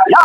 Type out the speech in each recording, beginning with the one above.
la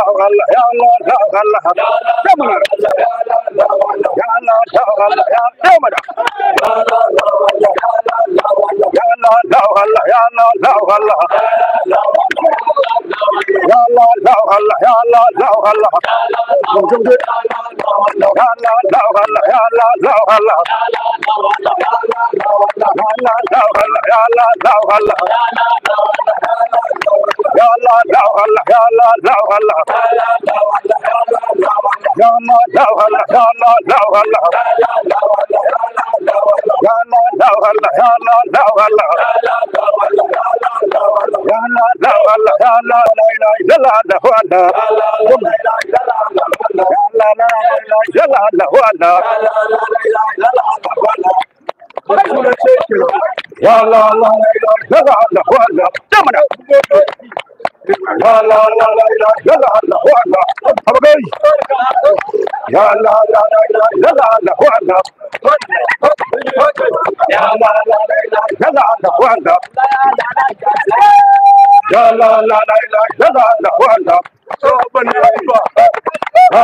يا الله يا الله يا الله يا الله يا الله يا الله يا الله يا الله يا الله يا الله يا الله يا الله يا الله يا الله يا الله يا الله يا الله يا الله لا لا لا لا لا لا ولا يا الله الله لا لا لا ولا دمنا يا الله لا لا لا لا ولا أبقي يا الله لا لا لا لا ولا يا الله لا لا لا ولا يا الله لا لا لا لا ولا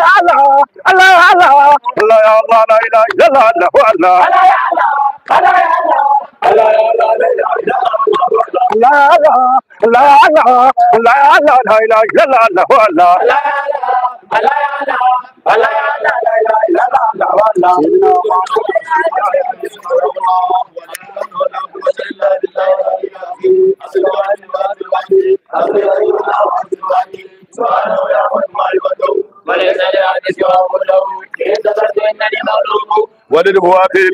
الله الله الله الله يا الله لا اله الا الله الله الله يا الله الله يا الله لا اله الا الله الله الله الله الله لا اله الا الله الله الله الله الله الله لا اله الا الله الله الله What did you happen?